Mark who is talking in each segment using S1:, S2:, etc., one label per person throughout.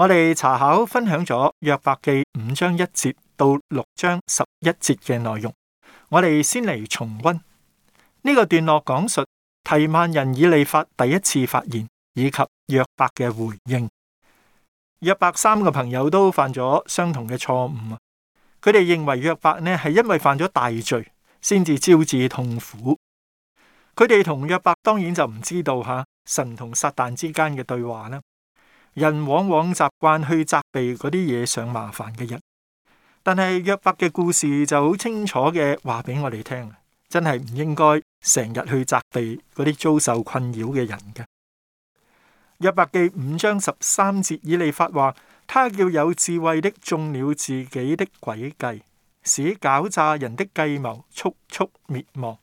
S1: 我哋查考分享咗約伯記五章一節到六章十一節嘅內容，我哋先嚟重溫呢個段落，講述提幔人以利法第一次發言以及約伯嘅回應。約伯三個朋友都犯咗相同嘅錯誤，佢哋認為約伯呢係因為犯咗大罪，先至招致痛苦。佢哋同約伯當然就唔知道吓、啊、神同撒旦之間嘅對話啦。人往往習慣去責備嗰啲惹上麻煩嘅人，但係約伯嘅故事就好清楚嘅話俾我哋聽，真係唔應該成日去責備嗰啲遭受困擾嘅人嘅。約伯記五章十三節以利法話：他叫有智慧的中了自己的詭計，使狡詐人的計謀速速滅亡。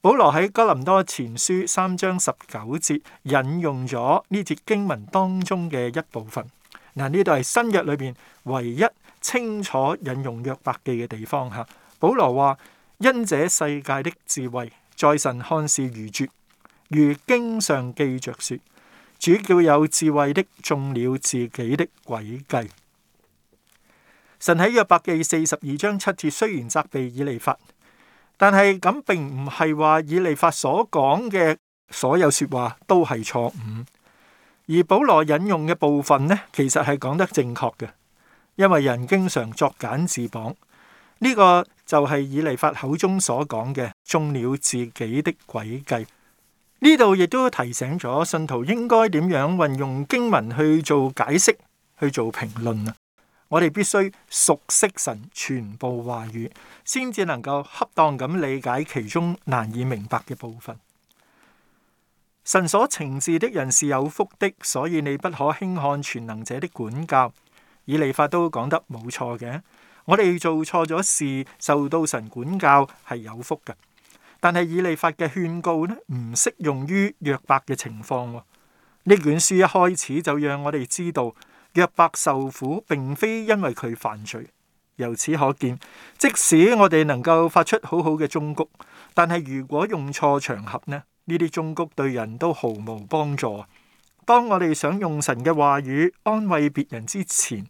S1: 保羅喺哥林多前書三章十九節引用咗呢節經文當中嘅一部分。嗱呢度係新約裏邊唯一清楚引用約伯記嘅地方吓。保羅話：因這世界的智慧，在神看是愚拙，如經上記着說：主叫有智慧的中了自己的詭計。神喺約伯記四十二章七節雖然責備以利法。但係咁並唔係話以利法所講嘅所有說話都係錯誤，而保羅引用嘅部分呢，其實係講得正確嘅，因為人經常作繭自綁，呢個就係以利法口中所講嘅中了自己的詭計。呢度亦都提醒咗信徒應該點樣運用經文去做解釋、去做評論啊。我哋必須熟悉神全部話語，先至能夠恰當咁理解其中難以明白嘅部分。神所懲治的人是有福的，所以你不可輕看全能者的管教。以利法都講得冇錯嘅，我哋做錯咗事，受到神管教係有福嘅。但係以利法嘅勸告咧，唔適用於約伯嘅情況。呢卷書一開始就讓我哋知道。約伯受苦，並非因為佢犯罪。由此可見，即使我哋能夠發出好好嘅忠告，但係如果用錯場合呢，呢啲忠告對人都毫無幫助。當我哋想用神嘅話語安慰別人之前，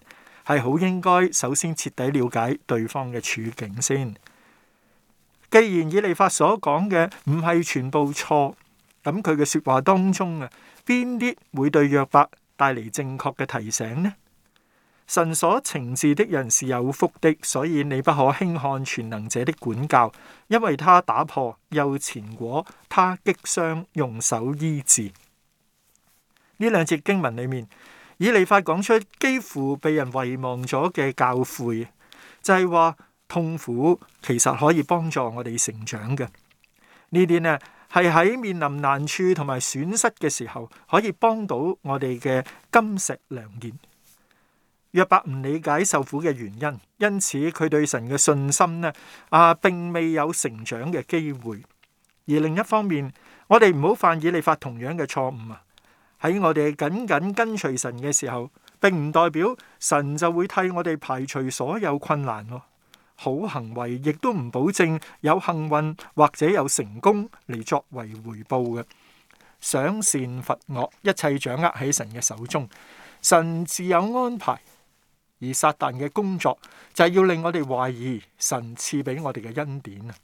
S1: 係好應該首先徹底了解對方嘅處境先。既然以利法所講嘅唔係全部錯，咁佢嘅說話當中啊，邊啲會對約伯？帶嚟正確嘅提醒呢？神所懲治的人是有福的，所以你不可輕看全能者的管教，因為他打破右前果，他擊傷用手醫治。呢兩節經文裏面，以利法講出幾乎被人遺忘咗嘅教誨，就係、是、話痛苦其實可以幫助我哋成長嘅呢啲呢。係喺面臨難處同埋損失嘅時候，可以幫到我哋嘅金石良言。約伯唔理解受苦嘅原因，因此佢對神嘅信心呢？啊，並未有成長嘅機會。而另一方面，我哋唔好犯以利亞同樣嘅錯誤啊！喺我哋緊緊跟隨神嘅時候，並唔代表神就會替我哋排除所有困難咯。好行為亦都唔保證有幸運或者有成功嚟作為回報嘅，賞善罰惡，一切掌握喺神嘅手中，神自有安排。而撒但嘅工作就係要令我哋懷疑神賜俾我哋嘅恩典啊！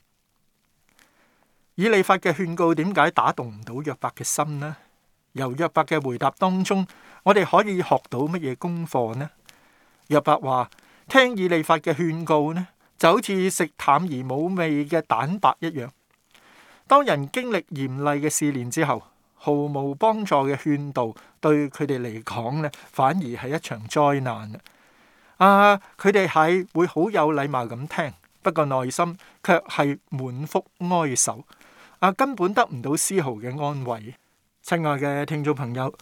S1: 以利法嘅勸告點解打動唔到約伯嘅心呢？由約伯嘅回答當中，我哋可以學到乜嘢功課呢？約伯話：聽以利法嘅勸告呢？就好似食淡而冇味嘅蛋白一樣。當人經歷嚴厲嘅試煉之後，毫無幫助嘅勸導對佢哋嚟講呢，反而係一場災難啊！佢哋係會好有禮貌咁聽，不過內心卻係滿腹哀愁啊，根本得唔到絲毫嘅安慰。親愛嘅聽眾朋友，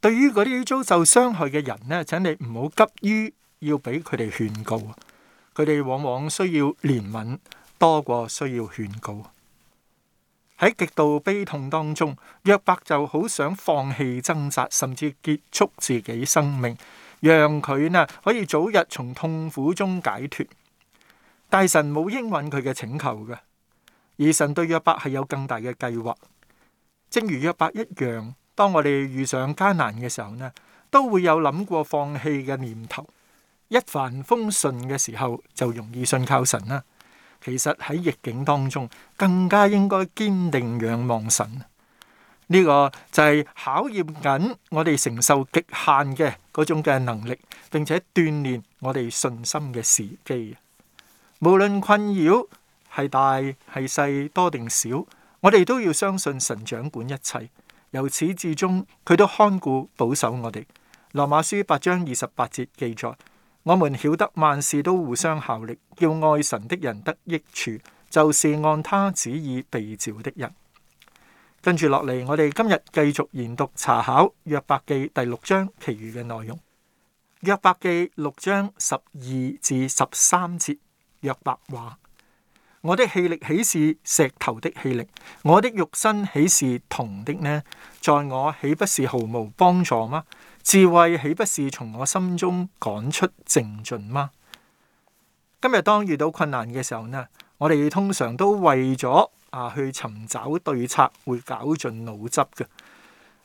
S1: 對於嗰啲遭受傷害嘅人呢，請你唔好急於要俾佢哋勸告啊！佢哋往往需要憐憫多過需要勸告，喺極度悲痛當中，約伯就好想放棄掙扎，甚至結束自己生命，讓佢呢可以早日從痛苦中解脫。但神冇應允佢嘅請求嘅，而神對約伯係有更大嘅計劃。正如約伯一樣，當我哋遇上艱難嘅時候呢，都會有諗過放棄嘅念頭。一帆風順嘅時候就容易信靠神啦。其實喺逆境當中更加應該堅定仰望神。呢個就係考驗緊我哋承受極限嘅嗰種嘅能力，並且鍛煉我哋信心嘅時機。無論困擾係大係細多定少，我哋都要相信神掌管一切，由始至終佢都看顧保守我哋。羅馬書八章二十八節記載。我們曉得萬事都互相效力，叫愛神的人得益處，就是按他旨意被召的人。跟住落嚟，我哋今日繼續研讀查考約伯記第六章其餘嘅內容。約伯記六章十二至十三節，約伯話：我的氣力豈是石頭的氣力？我的肉身豈是銅的呢？在我豈不是毫無幫助嗎？智慧豈不是從我心中趕出淨盡嗎？今日當遇到困難嘅時候呢，我哋通常都為咗啊去尋找對策，會絞盡腦汁嘅。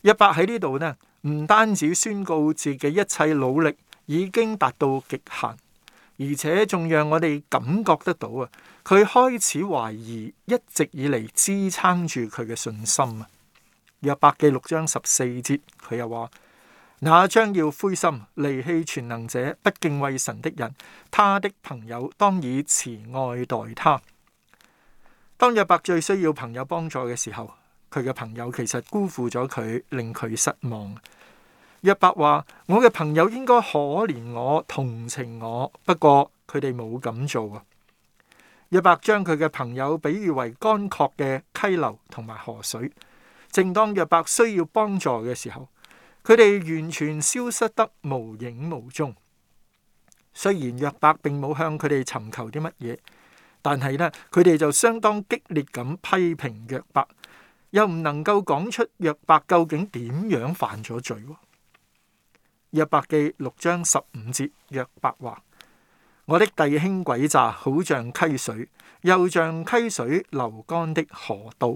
S1: 約伯喺呢度呢，唔單止宣告自己一切努力已經達到極限，而且仲讓我哋感覺得到啊，佢開始懷疑一直以嚟支撐住佢嘅信心啊。約伯記六章十四節，佢又話。那將要灰心、離棄全能者、不敬畏神的人，他的朋友當以慈愛待他。當約伯最需要朋友幫助嘅時候，佢嘅朋友其實辜負咗佢，令佢失望。約伯話：我嘅朋友應該可憐我、同情我，不過佢哋冇咁做啊！約伯將佢嘅朋友比喻為乾涸嘅溪流同埋河水，正當約伯需要幫助嘅時候。佢哋完全消失得無影無蹤。雖然約伯並冇向佢哋尋求啲乜嘢，但係呢，佢哋就相當激烈咁批評約伯，又唔能夠講出約伯究竟點樣犯咗罪。約伯記六章十五節，約伯話：我的弟兄詭詐，好像溪水，又像溪水流乾的河道。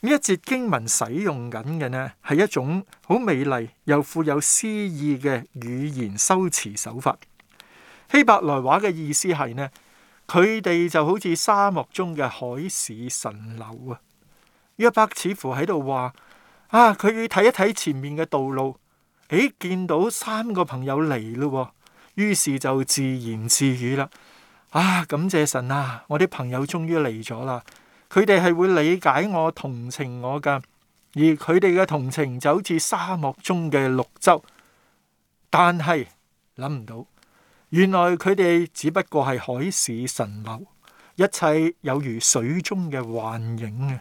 S1: 呢一節經文使用緊嘅呢，係一種好美麗又富有詩意嘅語言修辭手法。希伯來話嘅意思係呢，佢哋就好似沙漠中嘅海市蜃樓啊。約伯，伯似乎喺度話：啊，佢要睇一睇前面嘅道路，誒、哎，見到三個朋友嚟咯，於是就自言自語啦：啊，感謝神啊，我啲朋友終於嚟咗啦。佢哋係會理解我同情我噶，而佢哋嘅同情就好似沙漠中嘅綠洲，但係諗唔到，原來佢哋只不過係海市蜃樓，一切有如水中嘅幻影啊！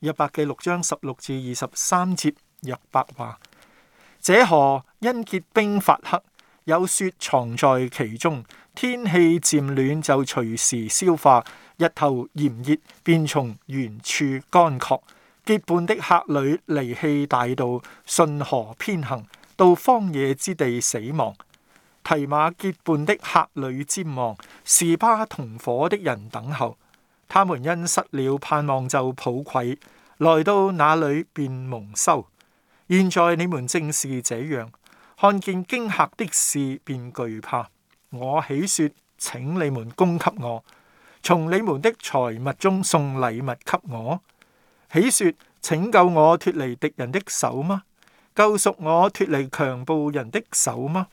S1: 約伯記六章十六至二十三節，約伯話，這河因結冰發黑，有雪藏在其中。天氣漸暖，就隨時消化；日頭炎熱，便從原處乾涸。結伴的客旅離棄大道，順河偏行，到荒野之地死亡。提馬結伴的客旅瞻望，示巴同伙的人等候。他們因失了盼望就，就抱愧，來到那裏便蒙羞。現在你們正是這樣，看見驚嚇的事，便懼怕。我豈說，請你們供給我，從你們的財物中送禮物給我。豈說，請救我脫離敵人的手嗎？救贖我脫離強暴人的手嗎？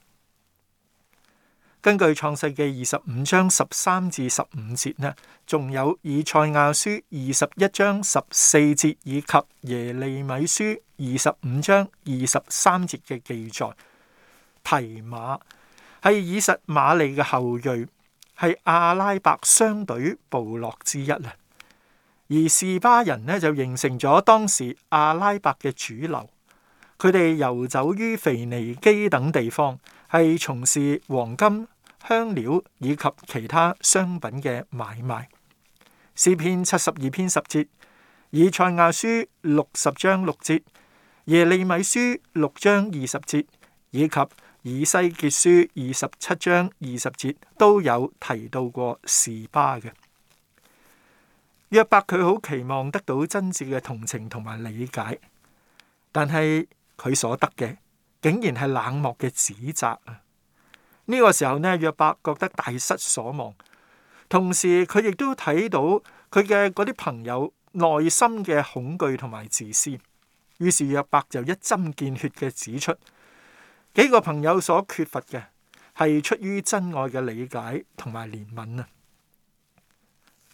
S1: 根據創世記二十五章十三至十五節呢，仲有以賽亞書二十一章十四節以及耶利米書二十五章二十三節嘅記載，提瑪。係以實馬利嘅後裔，係阿拉伯商隊部落之一啦。而士巴人呢，就形成咗當時阿拉伯嘅主流，佢哋遊走於腓尼基等地方，係從事黃金、香料以及其他商品嘅買賣。詩篇七十二篇十節，以賽亞書六十章六節，耶利米書六章二十節，以及，以西結書二十七章二十節都有提到過示巴嘅。約伯佢好期望得到真摯嘅同情同埋理解，但係佢所得嘅竟然係冷漠嘅指責啊！呢、這個時候呢，約伯覺得大失所望，同時佢亦都睇到佢嘅嗰啲朋友內心嘅恐懼同埋自私，於是約伯就一針見血嘅指出。幾個朋友所缺乏嘅係出於真愛嘅理解同埋憐憫啊！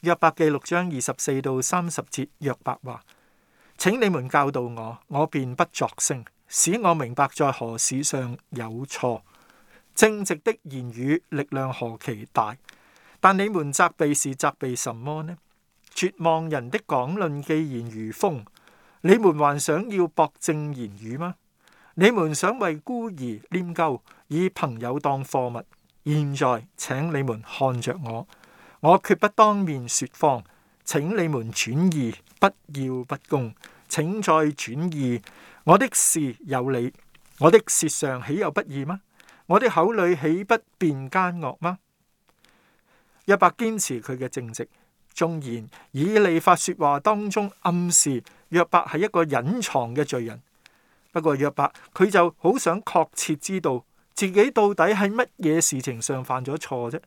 S1: 約伯記六章二十四到三十節，約伯話：請你們教導我，我便不作聲，使我明白在何事上有錯。正直的言語力量何其大！但你們責備是責備什麼呢？絕望人的講論既然如風，你們還想要駁正言語嗎？你們想為孤兒拈鬮，以朋友當貨物？現在請你們看着我，我決不當面說謊。請你們轉移，不要不公。請再轉移，我的事有理，我的舌上豈有不義嗎？我的口裏豈不辨奸惡嗎？約伯堅持佢嘅正直，縱然以利法說話當中暗示約伯係一個隱藏嘅罪人。不過約伯佢就好想確切知道自己到底喺乜嘢事情上犯咗錯啫，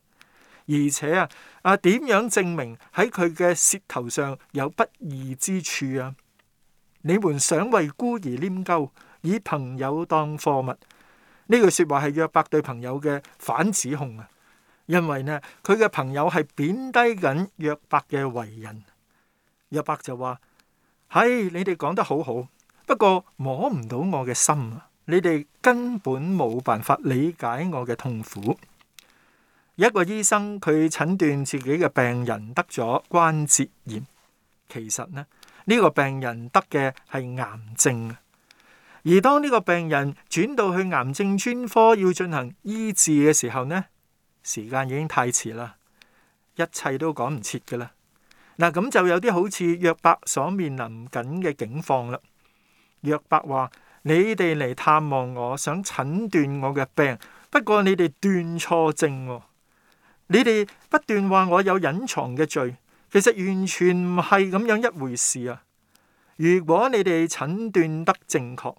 S1: 而且啊啊點樣證明喺佢嘅舌頭上有不義之處啊？你們想為孤兒拈鬮，以朋友當貨物？呢句説話係約伯對朋友嘅反指控啊！因為呢佢嘅朋友係貶低緊約伯嘅為人。約伯就話：「唉，hey，你哋講得好好。不過摸唔到我嘅心，你哋根本冇辦法理解我嘅痛苦。一個醫生，佢診斷自己嘅病人得咗關節炎，其實呢，呢個病人得嘅係癌症。而當呢個病人轉到去癌症專科要進行醫治嘅時候呢，呢時間已經太遲啦，一切都趕唔切㗎啦。嗱咁就有啲好似約伯所面臨緊嘅境況啦。約伯話：你哋嚟探望我，想診斷我嘅病。不過你哋斷錯症，你哋不斷話我有隱藏嘅罪，其實完全唔係咁樣一回事啊！如果你哋診斷得正確，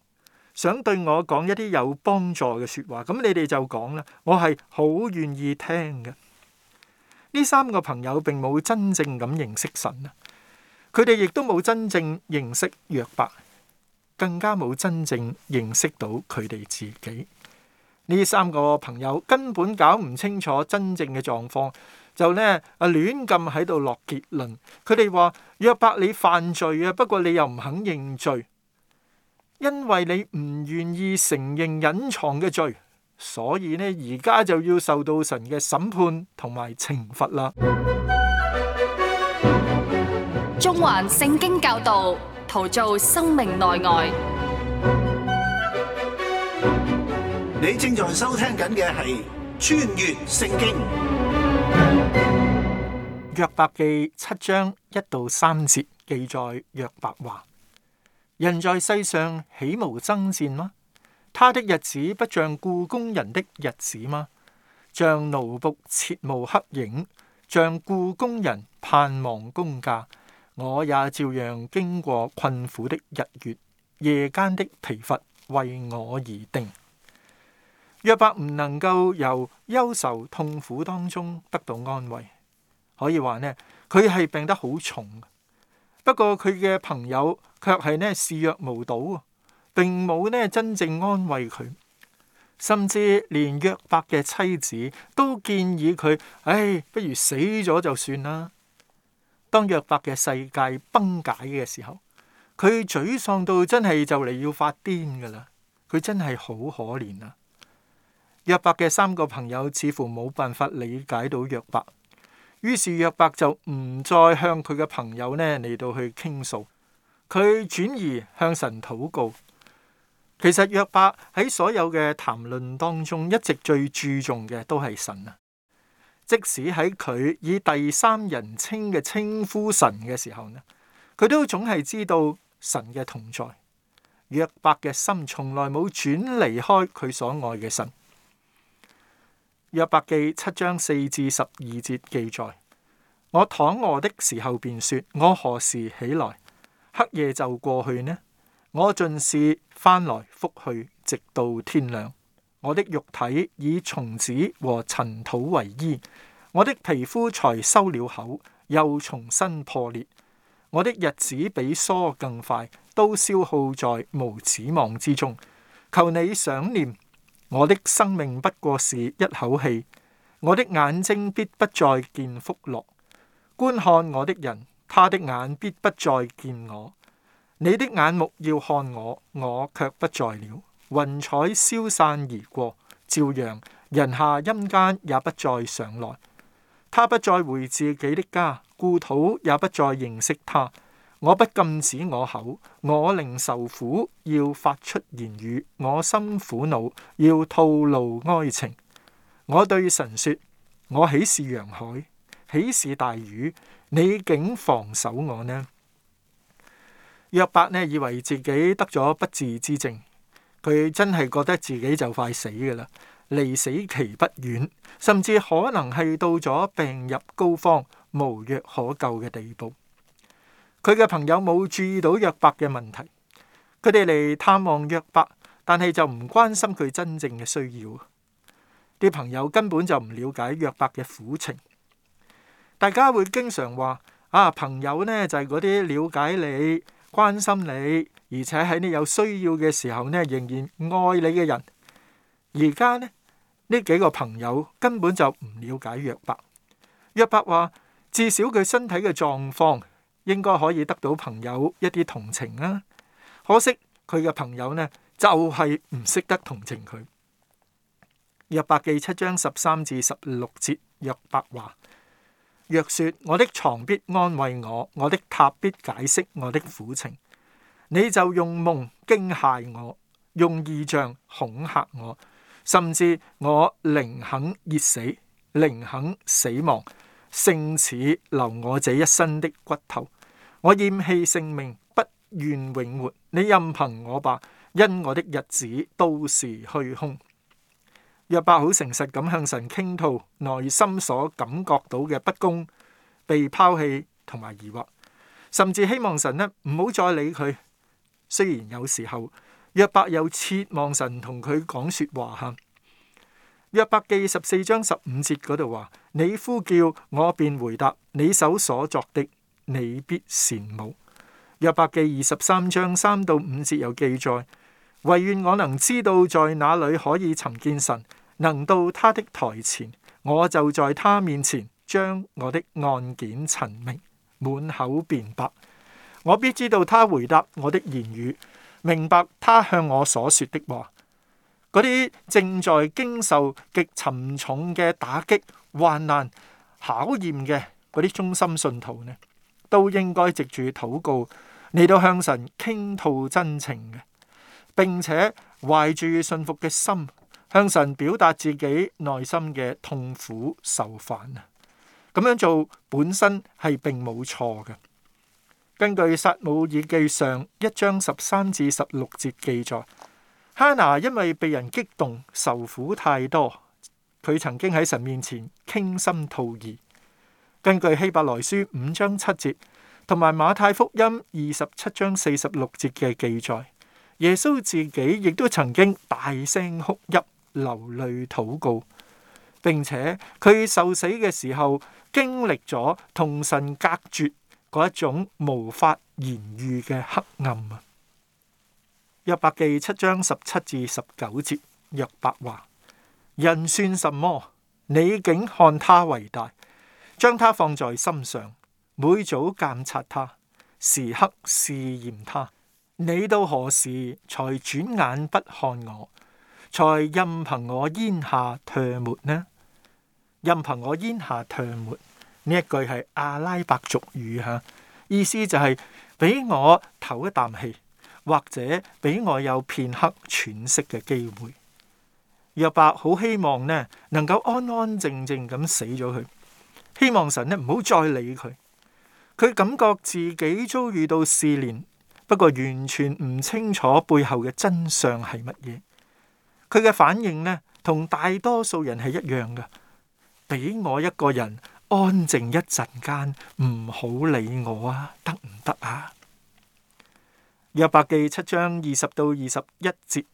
S1: 想對我講一啲有幫助嘅說話，咁你哋就講啦，我係好願意聽㗎。呢三個朋友並冇真正咁認識神啊，佢哋亦都冇真正認識約伯。更加冇真正認識到佢哋自己，呢三個朋友根本搞唔清楚真正嘅狀況，就呢啊亂咁喺度落結論。佢哋話約伯你犯罪啊，不過你又唔肯認罪，因為你唔願意承認隱藏嘅罪，所以呢而家就要受到神嘅審判同埋懲罰啦。中環聖經教導。陶造生命內外，你正在收聽緊嘅係《穿越聖經》約伯記七章一到三節記載約伯話：，人在世上豈無爭戰嗎？他的日子不像僱工人的日子嗎？像奴僕切慕黑影，像僱工人盼望工價。我也照樣經過困苦的日月，夜間的疲乏為我而定。約伯唔能夠由憂愁痛苦當中得到安慰，可以話呢，佢係病得好重。不過佢嘅朋友卻係呢視若無睹，並冇呢真正安慰佢，甚至連約伯嘅妻子都建議佢：唉、哎，不如死咗就算啦。當約伯嘅世界崩解嘅時候，佢沮喪到真係就嚟要發癲噶啦，佢真係好可憐啊！約伯嘅三個朋友似乎冇辦法理解到約伯，於是約伯就唔再向佢嘅朋友咧嚟到去傾訴，佢轉移向神禱告。其實約伯喺所有嘅談論當中，一直最注重嘅都係神啊。即使喺佢以第三人稱嘅稱呼神嘅時候呢，佢都總係知道神嘅同在。約伯嘅心從來冇轉離開佢所愛嘅神。約伯記七章四至十二節記載：我躺卧的時候便說，我何時起來？黑夜就過去呢？我盡是翻來覆去，直到天亮。我的肉體以蟲子和塵土為衣，我的皮膚才收了口，又重新破裂。我的日子比梭更快，都消耗在無指望之中。求你想念，我的生命不過是一口氣，我的眼睛必不再見福樂，觀看我的人，他的眼必不再見我。你的眼目要看我，我卻不在了。雲彩消散而過，照樣，人下陰間也不再上來。他不再回自己的家，故土也不再認識他。我不禁止我口，我靈愁苦要發出言語，我心苦惱要吐露哀情。我對神說：我豈是洋海，豈是大魚，你竟防守我呢？約伯呢以為自己得咗不治之症。佢真係覺得自己就快死嘅啦，離死期不遠，甚至可能係到咗病入膏肓、無藥可救嘅地步。佢嘅朋友冇注意到約伯嘅問題，佢哋嚟探望約伯，但係就唔關心佢真正嘅需要。啲朋友根本就唔了解約伯嘅苦情。大家會經常話，啊，朋友呢就係嗰啲了解你、關心你，而且喺你有需要嘅時候呢，仍然愛你嘅人。而家呢呢幾個朋友根本就唔了解約伯。約伯話：至少佢身體嘅狀況應該可以得到朋友一啲同情啦、啊。可惜佢嘅朋友呢就係唔識得同情佢。約伯記七章十三至十六節，約伯話：若說：我的床必安慰我，我的榻必解釋我的苦情。你就用夢驚駭我，用異象恐嚇我，甚至我寧肯熱死，寧肯死亡，勝似留我這一身的骨頭。我厭棄性命，不願永活。你任憑我吧，因我的日子都是虛空。約伯好誠實咁向神傾吐內心所感覺到嘅不公、被拋棄同埋疑惑，甚至希望神呢唔好再理佢。雖然有時候約伯有切望神同佢講說話吓，《約伯記》十四章十五節嗰度話：你呼叫我便回答，你手所作的你必羨慕。《約伯記》二十三章三到五節有記載：唯願我能知道在哪裏可以尋見神，能到他的台前，我就在他面前將我的案件陳明，滿口辯白。我必知道他回答我的言語，明白他向我所說的話。嗰啲正在經受極沉重嘅打擊、患難、考驗嘅嗰啲忠心信徒呢，都應該藉住禱告嚟到向神傾吐真情嘅，並且懷住信服嘅心向神表達自己內心嘅痛苦受煩啊！咁樣做本身係並冇錯嘅。根據撒母耳記上一章十三至十六節記載，哈拿因為被人激動受苦太多，佢曾經喺神面前傾心吐意。根據希伯來書五章七節，同埋馬太福音二十七章四十六節嘅記載，耶穌自己亦都曾經大聲哭泣、流淚禱告，並且佢受死嘅時候經歷咗同神隔絕。嗰一種無法言喻嘅黑暗啊！約伯記七章十七至十九節，約伯話：人算什麼？你竟看他為大，將他放在心上，每早監察他，時刻試驗他。你到何時才轉眼不看我？才任憑我咽下唾沫呢？任憑我咽下唾沫。呢一句係阿拉伯俗語吓，意思就係、是、俾我唞一啖氣，或者俾我有片刻喘息嘅機會。約伯好希望呢，能夠安安靜靜咁死咗佢，希望神呢唔好再理佢。佢感覺自己遭遇到試煉，不過完全唔清楚背後嘅真相係乜嘢。佢嘅反應呢，同大多數人係一樣噶，俾我一個人。安靜一陣間，唔好理我啊，得唔得啊？約伯記七章二十到二十一節，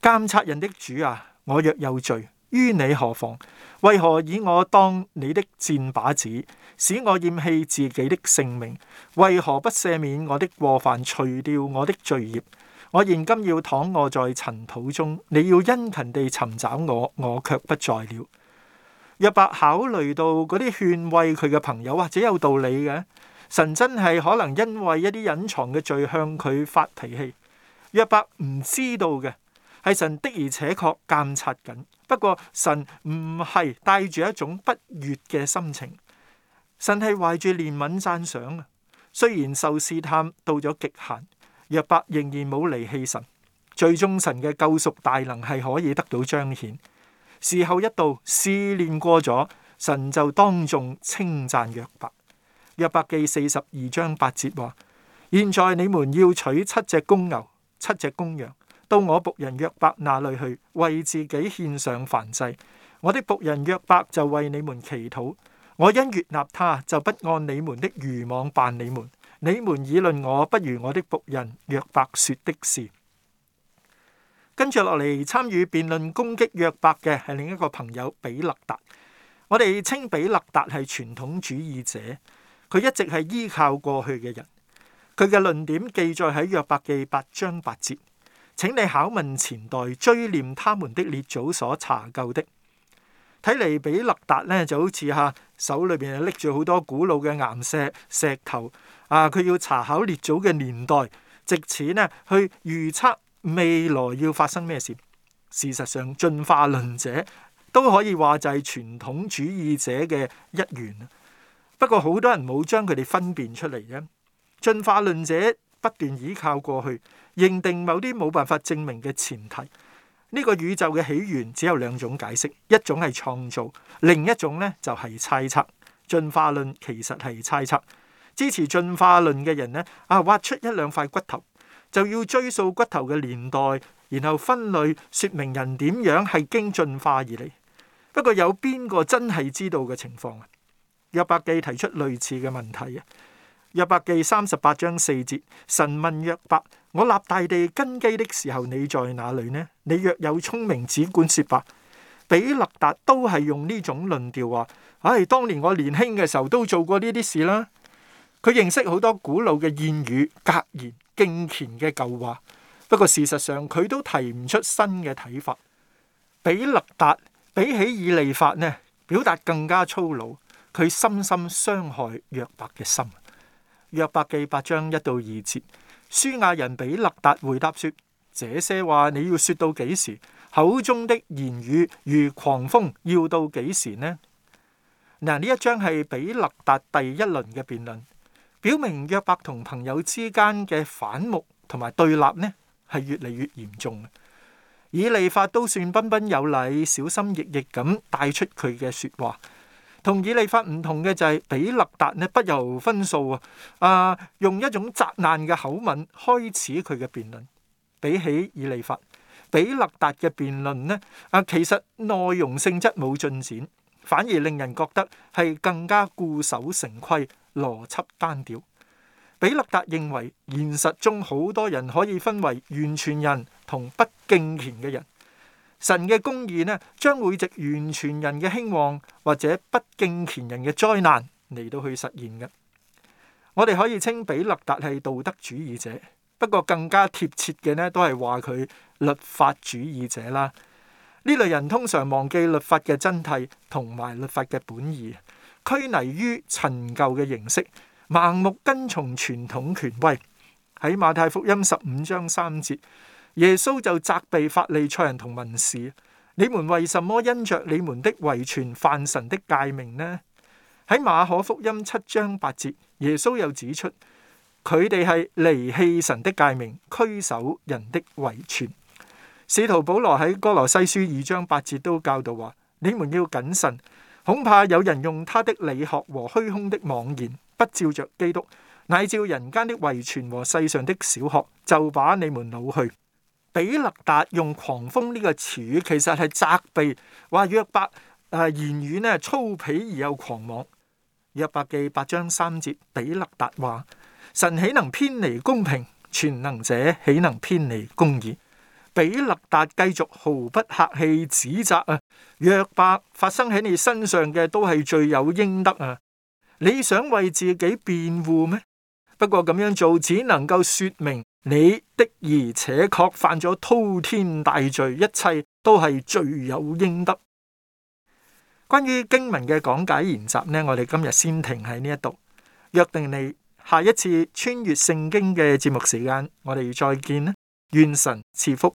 S1: 監察人的主啊，我若有罪，於你何妨？為何以我當你的箭靶子，使我厭棄自己的性命？為何不赦免我的過犯，除掉我的罪孽？我現今要躺臥在塵土中，你要殷勤地尋找我，我卻不在了。約伯考慮到嗰啲勸慰佢嘅朋友，或者有道理嘅，神真係可能因為一啲隱藏嘅罪向佢發脾氣。約伯唔知道嘅係神的而且確監察緊，不過神唔係帶住一種不悅嘅心情，神係懷住憐憫讚賞啊。雖然受試探到咗極限，約伯仍然冇離棄神，最終神嘅救贖大能係可以得到彰顯。事後一度試煉過咗，神就當眾稱讚約伯。約伯記四十二章八節話：現在你們要取七隻公牛，七隻公羊，到我僕人約伯那裏去，為自己獻上燔祭。我的僕人約伯就為你們祈禱。我因悅納他，就不按你們的愚妄辦你們。你們議論我不如我的僕人約伯說的是。跟住落嚟，參與辯論攻擊約伯嘅係另一個朋友比勒達。我哋稱比勒達係傳統主義者，佢一直係依靠過去嘅人。佢嘅論點記載喺約伯記八章八節。請你考問前代，追念他們的列祖所查究的。睇嚟比勒達呢就好似喺手裏邊拎住好多古老嘅岩石、石頭啊，佢要查考列祖嘅年代，藉此呢去預測。未來要發生咩事？事實上，進化論者都可以話就係傳統主義者嘅一員。不過好多人冇將佢哋分辨出嚟嘅。進化論者不斷依靠過去，認定某啲冇辦法證明嘅前提。呢個宇宙嘅起源只有兩種解釋：一種係創造，另一種咧就係猜測。進化論其實係猜測。支持進化論嘅人咧啊，挖出一兩塊骨頭。就要追溯骨頭嘅年代，然後分類說明人點樣係經進化而嚟。不過有邊個真係知道嘅情況啊？約伯記提出類似嘅問題啊。約伯記三十八章四節，神問約伯：我立大地根基的時候，你在哪裏呢？你若有聰明，只管說吧。比勒達都係用呢種論調話：唉、哎，當年我年輕嘅時候都做過呢啲事啦。佢認識好多古老嘅諺語格言。敬虔嘅舊話，不過事實上佢都提唔出新嘅睇法。比勒達比起以利法呢，表達更加粗魯，佢深深傷害約伯嘅心。約伯記八章一到二節，書亞人比勒達回答說：這些話你要說到幾時？口中的言語如狂風，要到幾時呢？嗱，呢一章係比勒達第一輪嘅辯論。表明約伯同朋友之間嘅反目同埋對立呢，係越嚟越嚴重。以利法都算彬彬有禮、小心翼翼咁帶出佢嘅說話，同以利法唔同嘅就係、是、比勒達呢，不由分說啊，啊用一種責難嘅口吻開始佢嘅辯論。比起以利法，比勒達嘅辯論呢，啊其實內容性質冇進展，反而令人覺得係更加固守成規。邏輯單調，比勒達認為現實中好多人可以分為完全人同不敬虔嘅人。神嘅公義呢，將會藉完全人嘅興旺或者不敬虔人嘅災難嚟到去實現嘅。我哋可以稱比勒達係道德主義者，不過更加貼切嘅呢，都係話佢律法主義者啦。呢類人通常忘記律法嘅真諦同埋律法嘅本意。拘泥於陳舊嘅形式，盲目跟從傳統權威。喺馬太福音十五章三節，耶穌就責備法利賽人同文士：你們為什麼因着你們的遺傳犯神的誡命呢？喺馬可福音七章八節，耶穌又指出，佢哋係離棄神的誡命，拘守人的遺傳。使徒保羅喺哥羅西書二章八節都教導話：你們要謹慎。恐怕有人用他的理學和虛空的妄言，不照着基督，乃照人間的遺傳和世上的小學，就把你們擄去。比勒達用狂風呢個詞語，其實係責備話約伯誒、呃、言語呢粗鄙而又狂妄。約伯記八章三節，比勒達話：神豈能偏離公平？全能者豈能偏離公義？比勒達繼續毫不客氣指責啊，約伯，發生喺你身上嘅都係罪有應得啊！你想為自己辯護咩？不過咁樣做只能夠說明你的而且確犯咗滔天大罪，一切都係罪有應得。關於經文嘅講解研習呢，我哋今日先停喺呢一度。約定你下一次穿越聖經嘅節目時間，我哋再見啦！願神賜福。